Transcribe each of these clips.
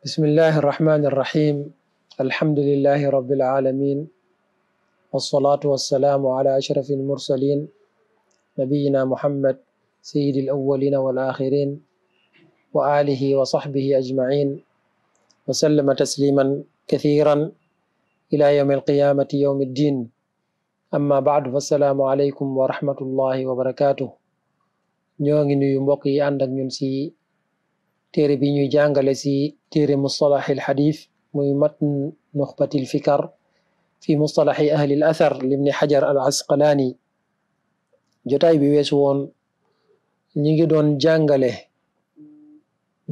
بسم الله الرحمن الرحيم الحمد لله رب العالمين والصلاة والسلام على أشرف المرسلين نبينا محمد سيد الأولين والآخرين وآله وصحبه أجمعين وسلم تسليما كثيرا إلى يوم القيامة يوم الدين أما بعد فالسلام عليكم ورحمة الله وبركاته ñoo ngi nuyu mbokk yi ànd ak ñun si téere bi ñuy jàngale si téere mustalaxil xadif muy matn nuxbatil fikar fi mustalaxi ahlil athar libni xajar al asqalaani jotaay bi weesu woon ñi ngi doon jàngale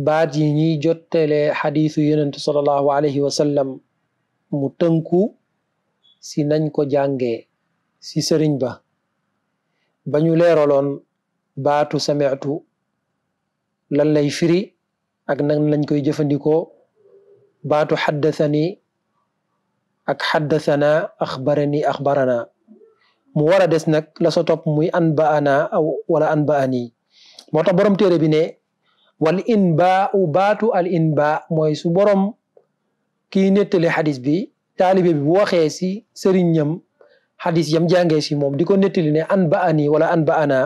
baat yi ñuy jottale xadisu yonent salallahu alayhi wa mu tënku si nañ ko jànge si sëriñ ba bañu ñu leeraloon baatu sami'tu lan lay firi ak nan lañ koy jëfandikoo baatu xaddasani ak xaddasana axbarani mu war a des nag la sa topp muy an ba ana wala an ba ani borom téere bi ne wal in baa u al in baa mooy su borom kii nettali xadis bi taalibe bi bu waxee si sëriñam xadis yam jàngee si moom di ko nettali ne an ba ani wala an ba ana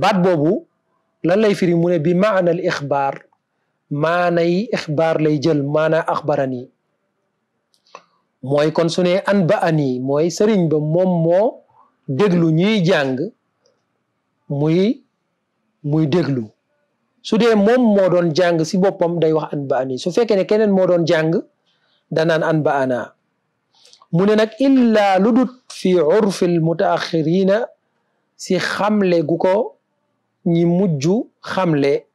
baat boobu lan mu ne bi maana al ixbaar maanay ixbaar lay jël maana axbarani mooy kon su ne an ba ani mooy sëriñ ba moom moo déglu ñuy jàng muy muy déglu su dee moom moo doon jàng si boppam day wax an ba ani su fekkee ne keneen moo doon jàng danaan an ba ana mu ne nag illaa lu dut fi urfil mutaaxirina si xamle gu ko ñi mujj xamle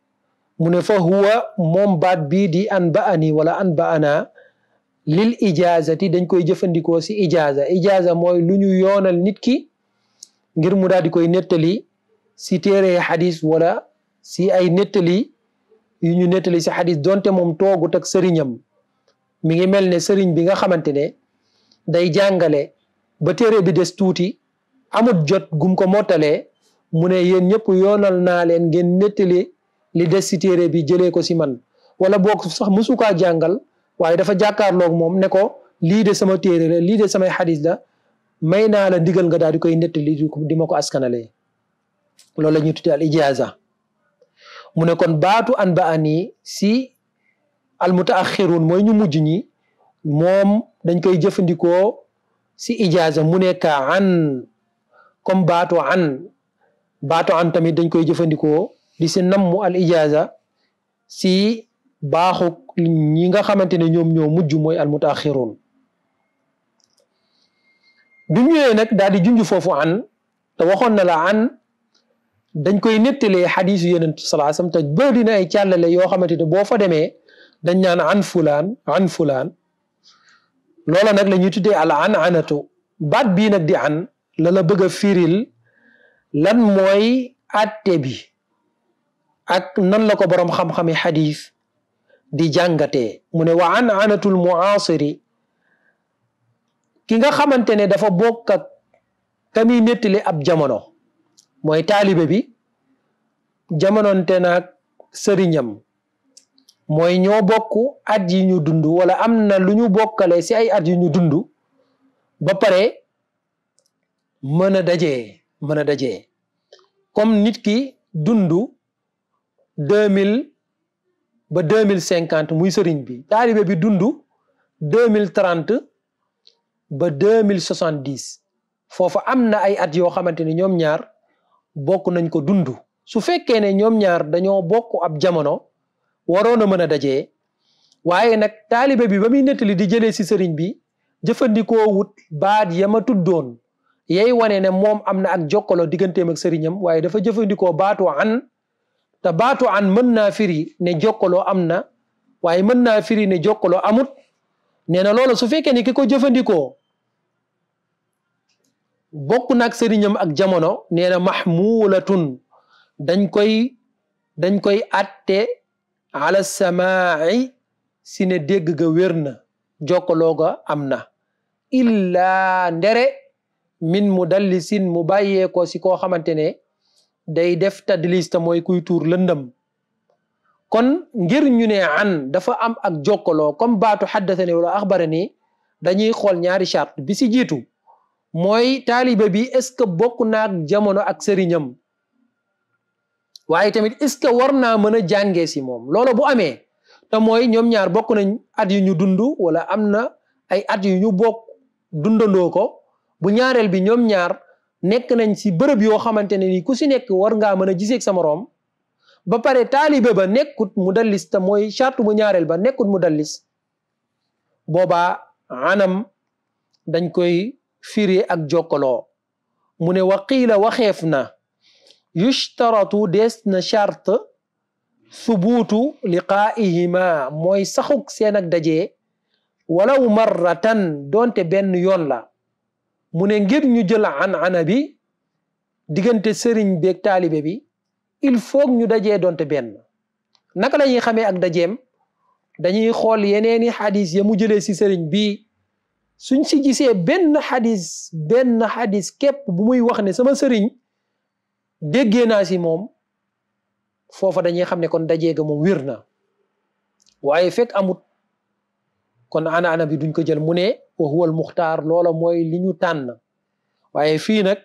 mu ne fa huwa moom baat bii di an ba ani wala an ba ana lil ijaazati dañ koy jëfandikoo si ijaaza ijaaza mooy lu ñu yoonal nit ki ngir mu daal di koy nettali si téere xadis wala si ay nettali yu ñu nettali si xadis donte moom toogut ak sëriñam mi ngi mel ne sëriñ bi nga xamante ne day jàngale ba téere bi des tuuti amut jot gum ko mottalee mu ne yéen ñëpp yoonal naa leen ngeen nettali li des ci téere bi jëlee ko ci man wala boog sax mësu kaa jàngal waaye dafa jàkkaarloog moom ne ko lii de sama téere lii de samay xadis la may naa la ndigal nga daal di koy nettali di ma ko askanalee loolu la ñuy tuddee mu ne baatu an ba si al mooy ñu mujj ñi moom dañ koy jëfandikoo si ijaaza mu ne ka an baatu an baatu an tamit dañ koy jëfandikoo li si nammu al ijaza si baaxu ñi nga xamante ne ñoom ñoo mujj mooy al mutaaxiroon bi mu ñëwee nag daal di junj foofu an te waxoon na la an dañ koy nettalee xadiisu yeneen salaa sam te bëri na ay càllale yoo xamante ne boo fa demee dañ naan an fulaan an loola nag la ñuy tuddee al an anatu baat bii nag di an la la bëgg a firil lan mooy atte ak nan la ko boroom xam-xami xadis di jàngate mu ne wa an anatul muasiri ki nga xamante ne dafa bokk ak kami nettali ab jamono mooy taalibe bi jamononte naag sëriñam mooy ñoo bokk at yi ñu dund wala am na lu ñu bokkale si ay at yi ñu dund ba pare mën a dajee mën a dajee comme nit ki dund deux mille ba deux mille cinquante muy sëriñ bi taalibe bi dundu deux mille trente ba deux mille soixante dix foofa am na ay at yoo xamante ni ñoom ñaar bokk nañ ko dundu su fekkee ne ñoom ñaar dañoo bokk ab jamono waroon a mën a dajee waaye nag taalibe bi ba muy nettali di jëlee si sëriñ bi jëfandikoo wut baat ya ma tuddoon yay wane ne moom am na ak jokkalo digganteem ak sëriñam waaye dafa jëfandikoo baatu an te baatu an mën naa firi ne jokkaloo am na waaye mën naa firi ne jokkaloo amut nee na loolu su fekkee ne ki ko jëfandikoo bokk nag sëriñam ak jamono nee na maxmuulatun dañ koy dañ koy atte ala samaai sine ne ga wér na jokkaloo ga am na illaa ndere min mudallisin mu bàyyee ko si koo xamante ne day def tadlis te mooy kuy tuur lëndëm kon ngir ñu ne an dafa am ak jokkaloo comme baatu xaddasani wala axbara ni dañuy xool ñaari charte bi si jiitu mooy taaliba bi est ce que bokk naag jamono ak sëriñam waaye tamit est ce que war naa mën a jàngee si moom loolo bu amee te mooy ñoom ñaar bokk nañ at yu ñu dund wala am na ay at yu ñu bokk dundandoo ko bu ñaareel bi ñoom ñaar nekk nañ si bërëb yoo xamante ne ni ku si nekk war ngaa mën a giseeg sa moroom ba pare taalibe ba nekkut mudallis te mooy chartu bu ñaarel ba nekkut mudallis boobaa anam dañ koy firi ak jokkaloo mu ne waqiila waxeef na yushtaratu dees na chart subuutu liqaa'ihima mooy saxuk seen ak dajee walaw marratan donte benn yoon la mu ne ngir ñu jël an ana bi diggante sëriñ beeg taalibe bi il faut ñu dajee doonte benn naka la ñuy xamee ak dajeem dañuy xool yeneeni xadis ya mu jëlee si sëriñ bi suñ si gisee benn xadis benn xadis képp bu muy wax ne sama sëriñ déggee naa si moom foofa dañuy xam ne kon dajee ga moom wér na waaye fekk amut kon ana ana bi duñ ko jël mu ne wa huwa al muxtaar loola mooy li ñu tànn waaye fii nag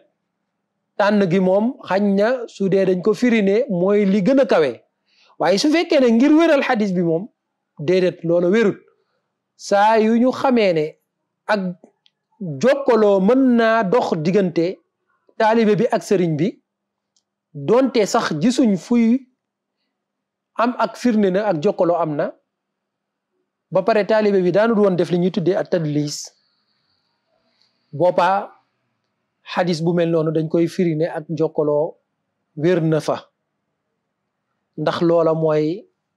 tànn gi moom xañ na su dee dañ ko firine mooy li gën a kawe waaye su fekkee ne ngir wëral xadis bi moom déedéet loola wérut saa yu ñu xamee ne ak jokkaloo mën naa dox diggante taalibe bi ak sëriñ bi donte sax gisuñ fuy am ak firne na ak jokkaloo am na ba pare taalibe bi daanul woon def li ñuy tuddee ak tadlis boppa xadis bu mel noonu dañ koy firi ne ak jokkaloo wér na fa ndax loola mooy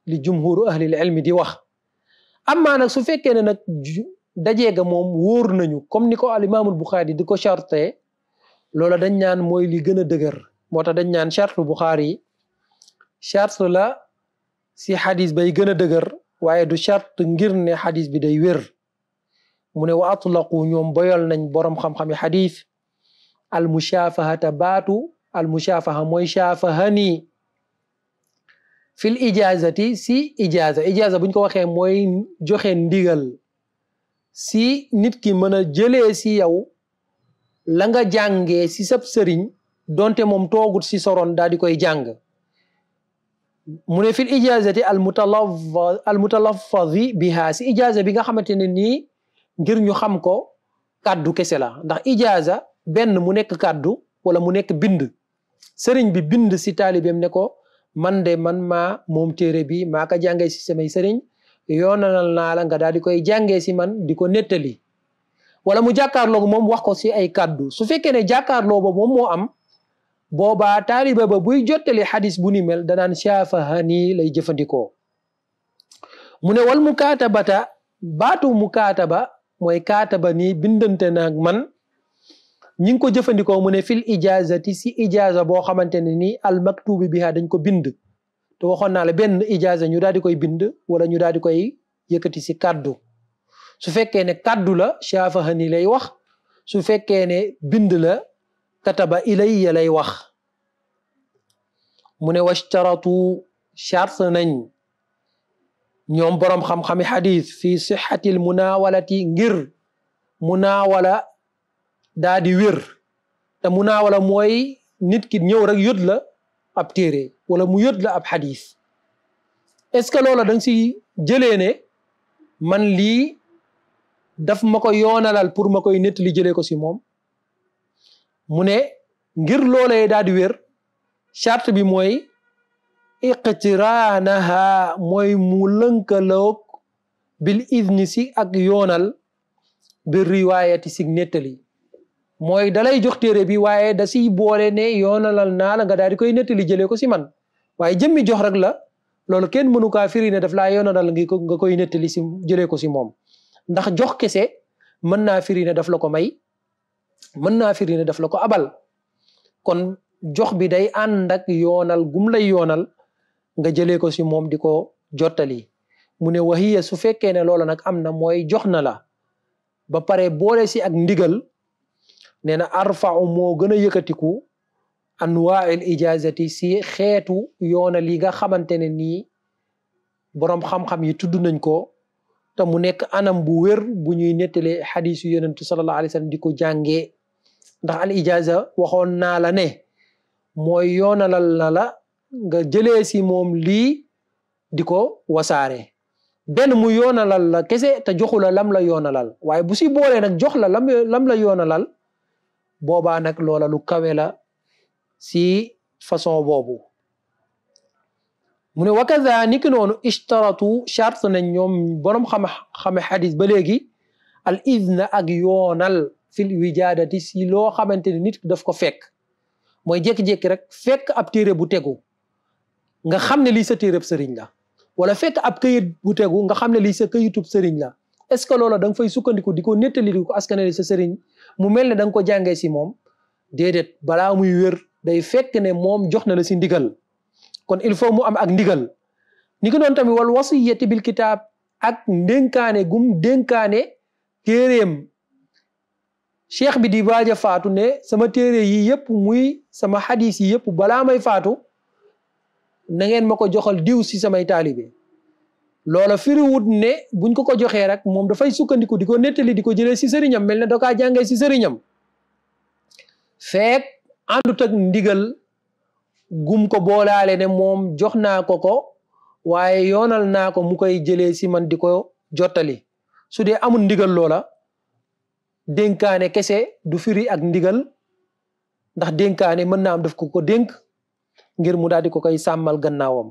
li jumhuru ahlil ilmi di wax amma nag su fekkee ne nag dajeega moom wóor nañu comme ni ko al imaamul buxaari di ko charte loola dañ ñaan mooy li gën a dëgër moo tax dañ ñaan charte buxaari charte la si xadis bay gën a dëgër waaye du chart ngir ne xadis bi day wér mu ne wa atlaqu ñoom boyal nañ boroom xam-xami xadis almushafahata baatu almushafaha mooy shafahani fil ijazati si ijaza ijaza buñ ko waxee mooy joxe ndigal si nit ki mën a jëlee si yow la nga jàngee si sab sëriñ donte moom toogut si soron daal di koy jàng mu ne fil ijazati al mutalaffaz al mutalaffadi biha si ijaza bi nga xamante ne nii ngir ñu xam ko kàddu kese la ndax ijaza benn mu nekk kàddu wala mu nekk bind sëriñ bi bind si taalibeem ne ko man de man ma moom téere bi maa ko jàngee si samay sëriñ yoonanal naa la nga daal di koy jàngee si man di ko nettali wala mu jàkkaarloo moom wax ko si ay kàddu su fekkee ne jàkkaarloo ba moom moo am boobaa taaliba ba buy jottali xadis bu ni mel danaan shaafahani lay jëfandikoo mu ne wal mukaatabata baatu ba mooy kaataba nii bindante naag man ñi ngi ko jëfandikoo mu ne fil ijaazati si ijaaza boo xamante ne nii al maktubi biha dañ ko bind te waxoon naa la benn ijaaza ñu daal di koy bind wala ñu daal di koy yëkkati si kàddu su fekkee ne kàddu la shaafahani lay wax su fekkee ne bind la kataba ilayya lay wax mu ne washtaratu chart nañ ñoom boroom xam-xami xadis fi sixatil munawalati ngir munawala daa di wér te munawala mooy nit ki ñëw rek yót la ab téere wala mu yót la ab xadis est ce que loola da si jëlee ne man lii daf ma ko yoonalal pour ma koy nett li jëlee ko si moom mu ne ngir loolee daa di wér charte bi mooy iqtiraanaha mooy mu lënkaloog bil idni si ak yoonal bi riwaayati si nettali mooy dalay jox téere bi waaye da siy boole ne yoonalal naa la nga daal di koy nettali jëlee ko si man waaye jëmmi jox rek la loolu kenn mënu kaa firi ne daf laa yoonalal nga koy nettali si jëlee ko si moom ndax jox kese mën naa firi ne daf la ko may mën naa firi ne daf la ko abal kon jox bi day ànd ak yoonal gum lay yoonal nga jëlee ko si moom di ko jottali mu ne waxiya su fekkee ne loola nag am na mooy jox na la ba pare boole si ak ndigal nee na arfau moo gën a yëkkatiku anwaail ijazati si xeetu yoonal yi nga xamante ne nii boroom xam-xam yi tudd nañ ko te mu nekk anam bu wér bu ñuy nettalee xadiis yu yonentu sallallahu alayhi di ko jàngee ndax waxoon naa la ne mooy yoonalal na la nga jëlee si moom lii di ko wasaare benn mu yoonalal la kese te joxula la lam la waaye bu si boolee nag jox la lam lam la yoonalal boobaa nag loola lu kawe la si façon boobu mu ne wakada niki noonu ishtaratu charte nañ ñoom boroom xam xame xadis ba léegi al idna ak yoonal fil wijaadati si loo xamante ni nit daf ko fekk mooy jékki-jékki rek fekk ab téere bu tegu nga xam ne lii sa téereb sëriñ la wala fekk ab këyit bu tegu nga xam ne lii sa këyitub sëriñ la est-ce que loola da nga fay sukkandiku di ko nettali di ko askanale sa sëriñ mu mel ne da ko jàngee si moom déedéet balaa muy wér day fekk ne moom jox na la si ndigal kon il faut mu am ak ndigal ni ko doon tamit wal wasiyati bil kitaab ak ndénkaane gum dénkaane téeréem cheikh bi di waaj a faatu ne sama téere yi yépp muy sama xadis yi yëpp balaa may faatu na ngeen ma ko joxal diw si samay taalibe loola firiwut ne buñ ko ko joxee rek moom dafay sukkandiku di ko nettali di ko jëlee si sëriñam mel ne dokaa jàngee si sëriñam feek àndut ak ndigal gum ko boolaale ne moom jox naa ko ko waaye yoonal naa ko mu koy jëlee si man di ko jottali su dee amul ndigal loola dénkaane kese du firi ak ndigal ndax dénkaane mën naa am daf ko ko dénk ngir mu daal di ko koy sàmmal gannaawam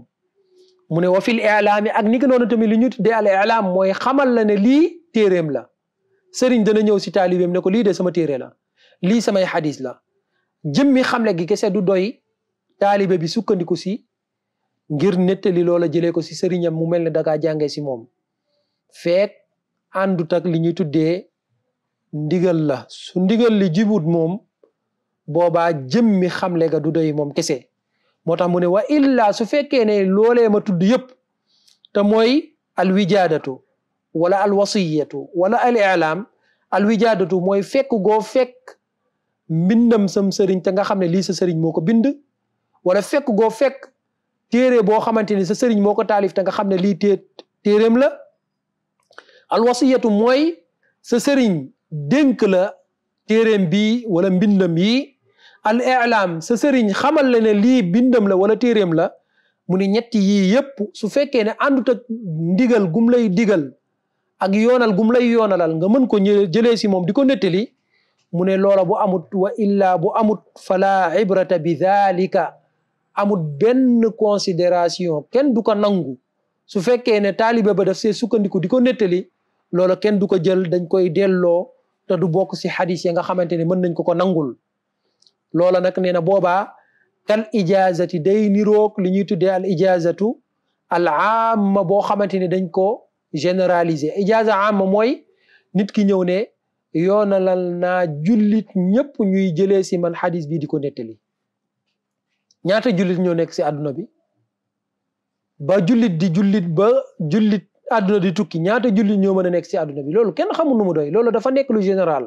mu ne wa fil ilaami ak ni ki noonu tamit li ñu tuddee al ilaam mooy xamal la ne lii téeréem la sëriñ dana ñëw si taalibeem ne ko lii de sama téere lii samay xadis la jëmmi xamle gi kese du doy taalibe bi sukkandiku si ngir nettali loola jëlee ko si sëriñam mu mel ne dagaa jàngee si moom feek àndut ak li ñuy tuddee ndigal la su ndigal li jibut moom boobaa jëmmi xamle ga du doy moom kese moo tax mu ne wa illa su fekkee ne loolee ma tudd yëpp te mooy alwijaadatu wala alwasiyatu wala al ilaam alwijaadatu mooy fekk goo fekk mbindam sam sëriñ te nga xam ne lii sa sëriñ moo ko bind wala fekk goo fekk téere boo xamante ni sa sëriñ moo ko taalif te nga xam ne lii tée téeréem la alwasiyatu mooy sa sëriñ dénk la téeréem bii wala mbindam yi al i'laam sa sëriñ xamal la ne lii bindam la wala téeréem la mu ni ñetti yi yépp su fekkee ne àndut ak ndigal gum lay digal ak yoonal gum lay yoonalal nga mën ko jëlee si moom di ko nettali mu ne loola bu amut wa illaa bu amut fala ibrata bi dhalika amut benn consideration kenn du ko nangu su fekkee ne taalibe ba daf see sukkandiku di ko nettali loola kenn du ko jël dañ koy delloo te du bokk si xadis ya nga xamante ne mën nañ ko ko nangul loola nag nee na boobaa kal ijazati day niroog li ñuy tuddee al ijazatu al amma boo xamante ne dañ ko généraliser ijaza amma mooy nit ki ñëw ne yoonalal naa jullit ñëpp ñuy jëlee si man xadis bii di ko nettali ñaata jullit ñoo nekk si àdduna bi ba jullit di jullit ba jullit àdduna di tukki ñaata jullit ñoo mën a nekk si àdduna bi loolu kenn xamul nu mu doy loolu dafa nekk lu général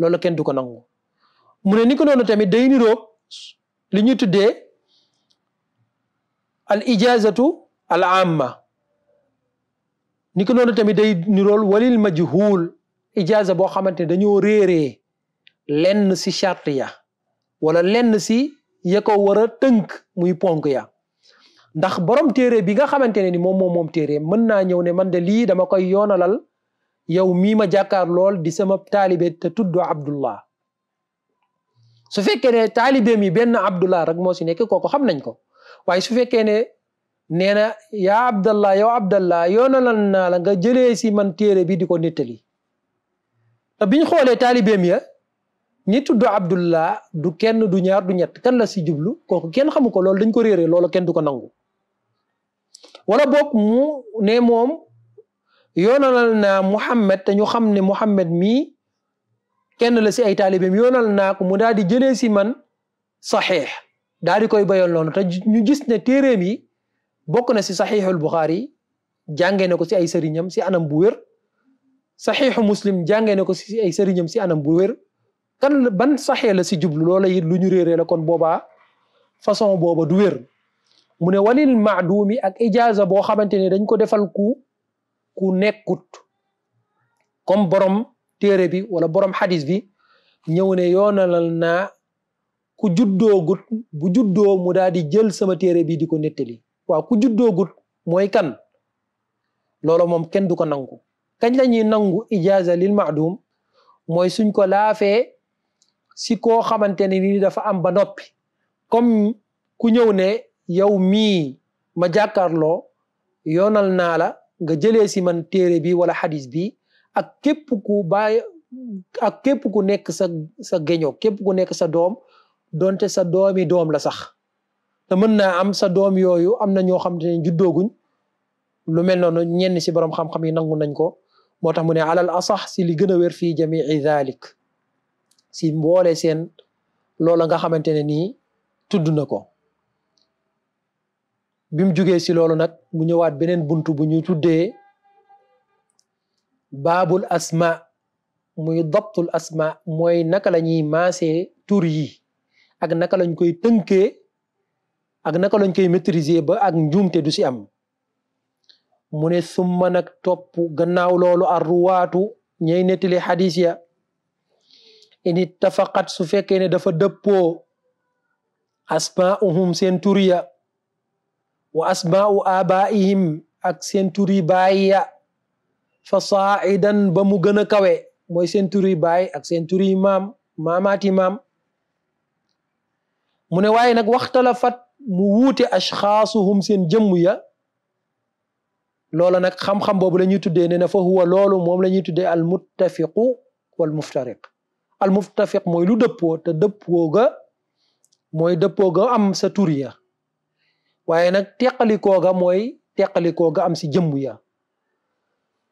loolu kenn du ko nangu mu ni ko noonu tamit day niroog li ñuy tuddee al ijazatu al amma ni ko noonu tamit day nirool walil majhul ijaza boo xamante ne dañoo réeree lenn si charte ya wala lenn si ya ko war a tënk muy ponk ya ndax borom téere bi nga xamante ne ni moom moom moom téere mën naa ñëw ne man de lii dama koy yoonalal yow mii ma jàkkaar lool di sama taalibe te tudd Abdullah su fekkee ne taalibeem yi benn Abdullah rek moo si nekk kooku xam nañ ko waaye su fekkee ne nee na yaa Abdallah yow Abdallah yoonalal naa la nga jëlee si man téere bi di ko nettali te biñ xoolee taalibeem ya ñi tudd Abdullah du kenn du ñaar du ñett kan la si jublu kooku kenn xamu ko loolu dañ ko réeree loolu kenn du ko nangu wala bokk mu ne moom yoonalal naa Muhammad te ñu xam ne Muhammad mi kenn la si ay taalibeem yoonal naa ko mu daal di jëlee si man saxiix daal di koy bayoon noonu te ñu gis ne téeréem yi bokk na si saxiixul Buxaari jàngee na ko si ay sëriñam si anam bu wér saxiixu Muslim jàngee na ko si ay sëriñam si anam bu wér kan ban saxee la si jublu loola it lu ñu réeree la kon boobaa façon booba du wér mu ne walil maadumi ak ijaaza boo xamante ne dañ ko defal ku ku nekkut comme borom téere bi wala borom xadis bi ñëw ne yoonalal naa ku juddoogut bu juddoo mu daal di jël sama téere bi di ko nettali waaw ku juddoogut mooy kan loolu moom kenn du ko nangu kañ la nangu ijaaza lil maadum mooy suñ ko laafee si koo xamante ne ni dafa am ba noppi comme ku ñëw ne yow mii ma jàkkaarloo yoonal naa la nga jële si man téere bi wala xadiis bi ak képp ku bàyyi ak képp ku nekk sa sa géño képp ku nekk sa doom donte sa doomi doom la sax te mën naa am sa doom yooyu am na ñoo xam te ne juddooguñ lu mel noonu ñenn si borom xam-xam yi nangu nañ ko moo tax mu ne alal asax si li gën a wér fii jamii dhalik si mboole seen loola nga xamante ne nii tudd na ko bi mu jugee si loolu nag mu ñëwaat beneen bunt bu ñu tuddee baabul asma muy dabtul asma mooy naka la ñuy maasee tur yi ak naka lañ koy tënkee ak naka lañ koy maîtriser ba ak njuumte du si am mu ne summa nag topp gannaaw loolu arruwaatu ñey nettali xadis ya in ittafaqat su fekkee ne dafa dëppoo asmaauhum seen tur wa asmaa'u abaihim ak seen tur yi baay ya fa saaidan ba mu gën a kawe mooy seen tur yi baay ak seen tur yi maam maamaati maam mu ne waaye nag waxtalafat mu wuute ashxaasuhum seen jëmm ya loola nag xam-xam boobu la ñuy tuddee ne na fa huwa loolu moom la ñuy tuddee al muttafiqu wal muftariq mooy lu dëppoo te dëppoo ga mooy dëppoo am sa tur waaye nag teqalikoo ga mooy teqalikoo ga am si jëmm ya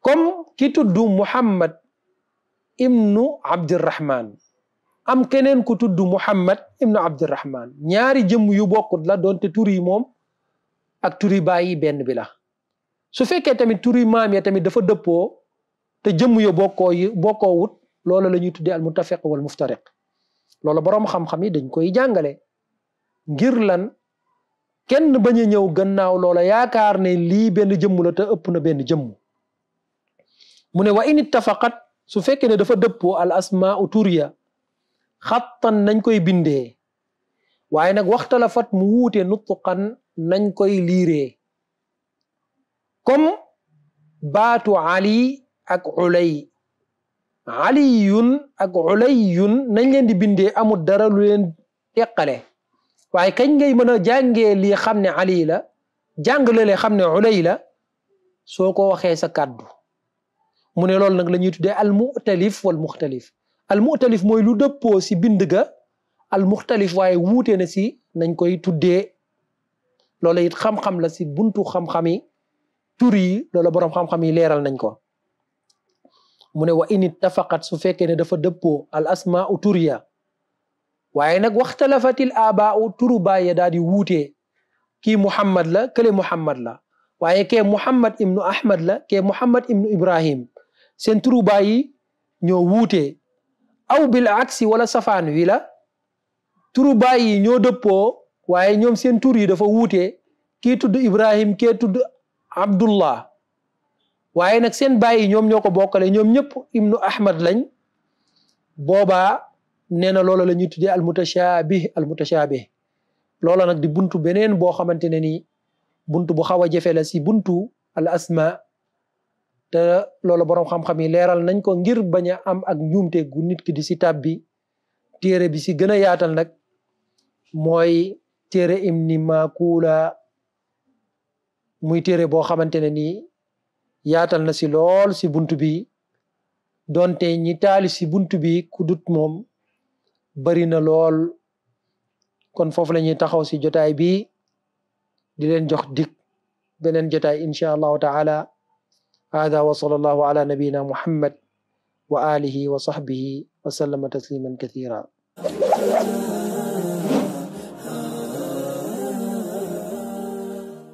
comme ki tudd Muhammad ibnu Abdirahman am keneen ku tudd Muhammad ibnu Abdirahman ñaari jëmm yu bokkut la doonte tur yi moom ak turi baay yi benn bi la su fekkee tamit turi maam ya tamit dafa dëppoo te jëmm ya bokkoo yi bokkoo wut loolu la ñuy tuddee al mutafiq wal muftariq loolu boroom xam-xam yi dañ koy jàngale ngir lan kenn bañ a ñëw gannaaw loola yaakaar ne lii benn jëmm la te ëpp na benn jëmm mu ne wa in ittafaqat su fekkee ne dafa dëppoo al asmaau turiya xattan nañ koy bindee waaye nag waxtalafat mu wuute nutqan nañ koy liiree comme baatu ali ak ulay aliyun ak ulayun nañ leen di bindee amut dara lu leen teqale waaye kañ ngay mën a jàngee lii xam ne ali la jàngale xam ne ulay la soo ko waxee sa kàddu mu ne loolu nag la tuddee al mu'talif wal muxtalif mooy lu dëppoo si bind ga al muxtalif waaye wuute na si nañ koy tuddee loola it xam-xam la si buntu xam-xami tur yi loola boroom xam-xam yi leeral nañ ko mu ne wa in ittafaqat su fekkee ne dafa dëppoo al asmaa'u tur ya waaye nag waxtalafatil abaau turu baay ya daal di wuutee kii muhammad la kële muhammad la waaye ke muhammad ibnu ahmad la kee muhammad ibnu ibrahim seen turu baay yi ñoo wuutee aw bil aksi wala safaan wi la turu baay yi ñoo dëppoo waaye ñoom seen tur yi dafa wuutee kii tudd ibrahim kee tudd abdullah waaye nag seen baay yi ñoom ko bokkale ñoom ñëpp ibnu ahmad lañ boobaa nee na loola la ñuy tuddee almutashaabih almutashaabih loola nag di buntu beneen boo xamante ne nii buntu bu xaw a jafe la si buntu al asma te loolu boroom xam-xam yi leeral nañ ko ngir bañ a am ak njuumte gu nit ki di si tab bi téere bi si gën a yaatal nag mooy téere Ibn Maakuula muy téere boo xamante ne nii yaatal na si lool si bunt bi donte ñi taali si buntu bi ku moom bari na lool kon foofu la ñuy taxaw si jotaay bi di leen jox dig beneen jotaay incha allahu taala hada wa sallallahu ala nabiyina muhammad wa alihi wa sahbihi wa sallama tasliman kathira